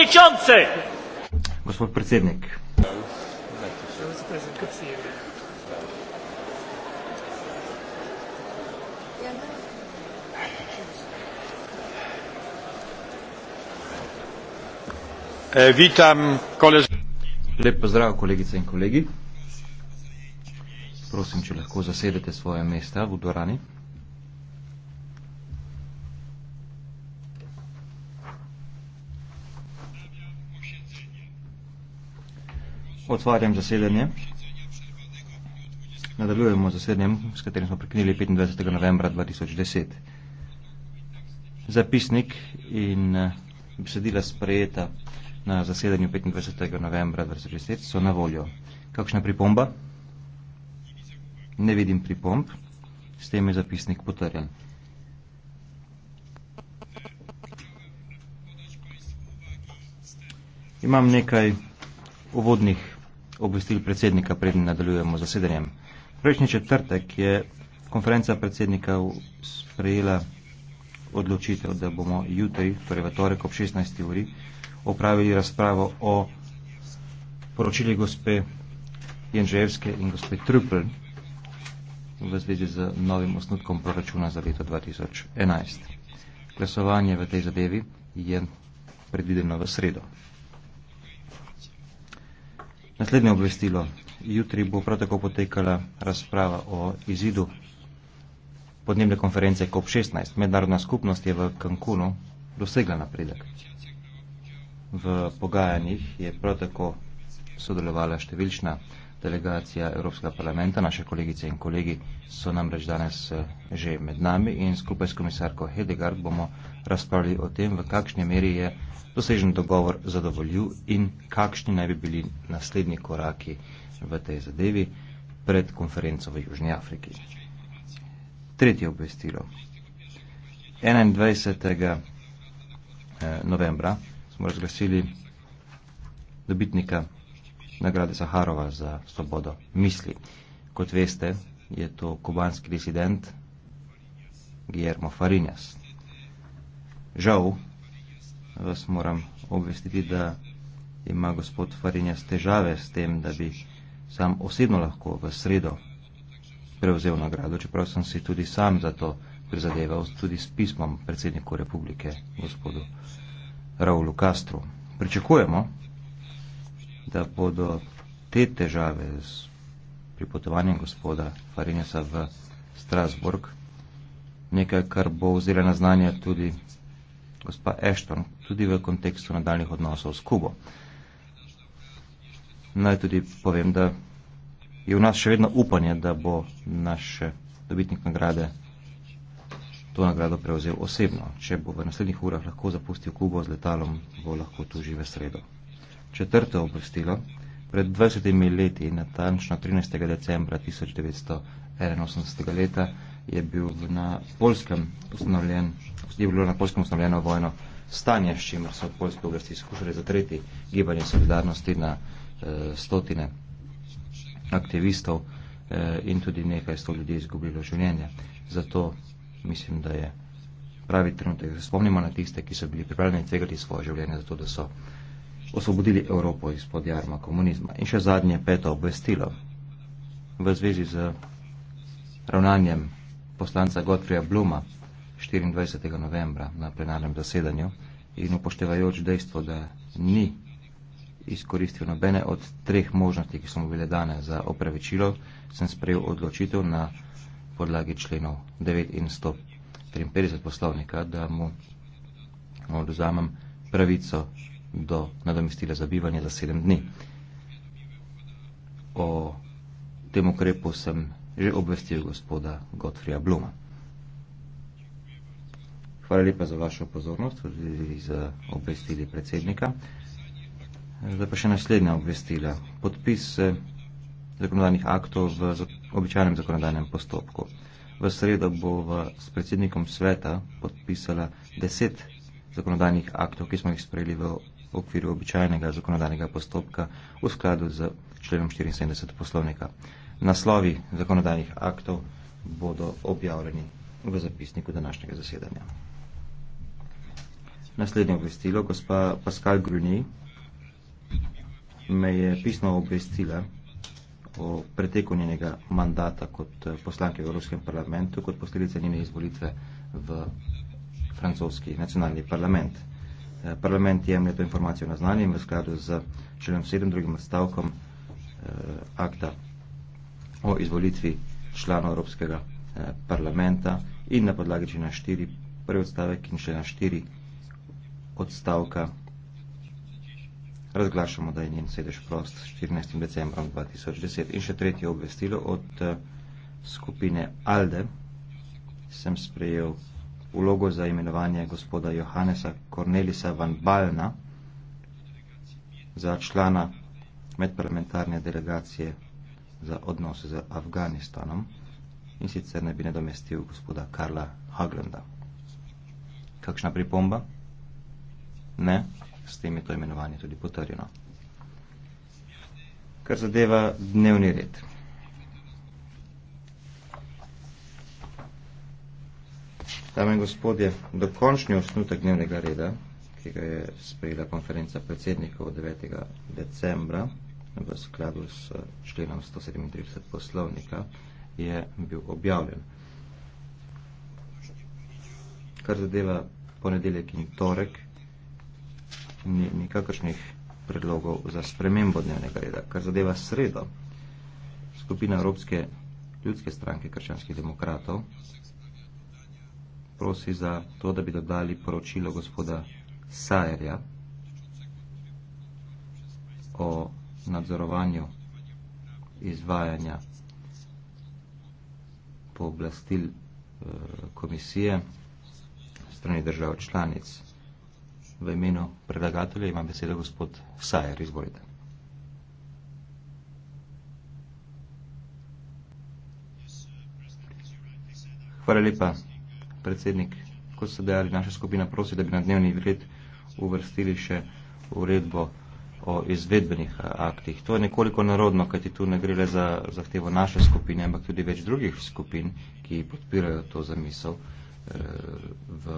Pšeničance. Gospod predsednik. E, vitam, kolež... Lep pozdrav, kolegice in kolegi. Prosim, če lahko zasedete svoje mesta v dvorani. Otvarjam zasedanje. Nadaljujemo z zasedanjem, s katerim smo prekinili 25. novembra 2010. Zapisnik in eh, besedila sprejeta na zasedanju 25. novembra 2010 so na voljo. Kakšna pripomba? Ne vidim pripomb. S tem je zapisnik potrjen. Imam nekaj uvodnih obvestil predsednika, preden nadaljujemo zasedanjem. Prejšnji četrtek je konferenca predsednika sprejela odločitev, da bomo jutri, torej v torek ob 16. uri, opravili razpravo o poročili gospe Janževske in gospe Trupl v zvezi z novim osnutkom proračuna za leto 2011. Glasovanje v tej zadevi je predvideno v sredo. Naslednje obvestilo. Jutri bo prav tako potekala razprava o izidu podnebne konference COP16. Mednarodna skupnost je v Cancunu dosegla napredek. V pogajanjih je prav tako sodelovala številčna delegacija Evropskega parlamenta, naše kolegice in kolegi so namreč danes eh, že med nami in skupaj s komisarko Hedegard bomo razpravljali o tem, v kakšni meri je dosežen dogovor zadovoljiv in kakšni naj bi bili naslednji koraki v tej zadevi pred konferenco v Južni Afriki. Tretje obvestilo. 21. Eh, novembra smo razglasili dobitnika nagrade Saharova za svobodo misli. Kot veste, je to kubanski disident Guillermo Farinjas. Žal, vas moram obvestiti, da ima gospod Farinjas težave s tem, da bi sam osebno lahko v sredo prevzel nagrado, čeprav sem si tudi sam za to prizadeval, tudi s pismom predsedniku republike gospodu Raulu Castru. Pričakujemo, da bodo te težave z pripotovanjem gospoda Farinesa v Strasburg nekaj, kar bo vzela na znanje tudi gospa Ashton, tudi v kontekstu nadaljnih odnosov s Kubo. Naj tudi povem, da je v nas še vedno upanje, da bo naš dobitnik nagrade to nagrado prevzel osebno. Če bo v naslednjih urah lahko zapustil Kubo z letalom, bo lahko tu žive sredo četrto obvestilo, pred 20 leti, natančno 13. decembra 1981 leta, je, bil na je bilo na Polskem ustanovljeno vojno stanje, s čimer so polske oblasti skušali zatreti gibanje solidarnosti na eh, stotine aktivistov eh, in tudi nekaj sto ljudi izgubilo življenje. Zato mislim, da je pravi trenutek, da se spomnimo na tiste, ki so bili pripravljeni tvegati svoje življenje, zato da so eh, osvobodili Evropo izpod jarma komunizma. In še zadnje peto obvestilo v zvezi z ravnanjem poslanca Gottfrieda Bluma 24. novembra na plenarnem zasedanju in upoštevajoč dejstvo, da ni izkoristil nobene od treh možnosti, ki so mu bile dane za opravičilo, sem sprejel odločitev na podlagi členov 9 in 153 poslovnika, da mu odvzamem pravico do nadomestila za bivanje za sedem dni. O tem ukrepu sem že obvestil gospoda Gottfrija Bluma. Hvala lepa za vašo pozornost, tudi za obvestili predsednika. Zdaj pa še naslednja obvestila. Podpis eh, zakonodajnih aktov v običajnem zakonodajnem postopku. V sredo bo s predsednikom sveta podpisala deset zakonodajnih aktov, ki smo jih sprejeli v v okviru običajnega zakonodajnega postopka v skladu z členom 74 poslovnika. Naslovi zakonodajnih aktov bodo objavljeni v zapisniku današnjega zasedanja. Naslednje obvestilo, gospa Pascal Gruni me je pisno obvestila o preteku njenega mandata kot eh, poslanke v Evropskem parlamentu, kot posledica njene izvolitve v francoski nacionalni parlament. Eh, parlament jemlje to informacijo na znanje in v skladu z členom 7 drugim stavkom eh, akta o izvolitvi članov Evropskega eh, parlamenta in na podlagi člena 4 prvi odstavek in člena 4 odstavka razglašamo, da je njen sedež prost 14. decembrom 2010. In še tretje obvestilo od eh, skupine ALDE sem sprejel vlogo za imenovanje gospoda Johannesa Cornelisa Van Balna za člana medparlamentarne delegacije za odnose z Afganistanom in sicer ne bi nadomestil gospoda Karla Haglanda. Kakšna pripomba? Ne, s tem je to imenovanje tudi potrjeno. Kar zadeva dnevni red. Dame in gospodje, dokončni osnutek dnevnega reda, ki ga je sprejela konferenca predsednikov 9. decembra v skladu s členom 137 poslovnika, je bil objavljen. Kar zadeva ponedeljek in torek, ni nikakršnih predlogov za spremembo dnevnega reda. Kar zadeva sredo, skupina Evropske ljudske stranke krščanskih demokratov, prosi za to, da bi dodali poročilo gospoda Sajerja o nadzorovanju izvajanja pooblastil eh, komisije strani držav članic. V imenu predlagatelja ima besedo gospod Sajer, izvolite. Hvala lepa, predsednik, kot ste dejali, naša skupina prosi, da bi na dnevni red uvrstili še uredbo o izvedbenih eh, aktih. To je nekoliko narodno, kajti tu ne gre le za zahtevo naše skupine, ampak tudi več drugih skupin, ki podpirajo to zamisel. E, v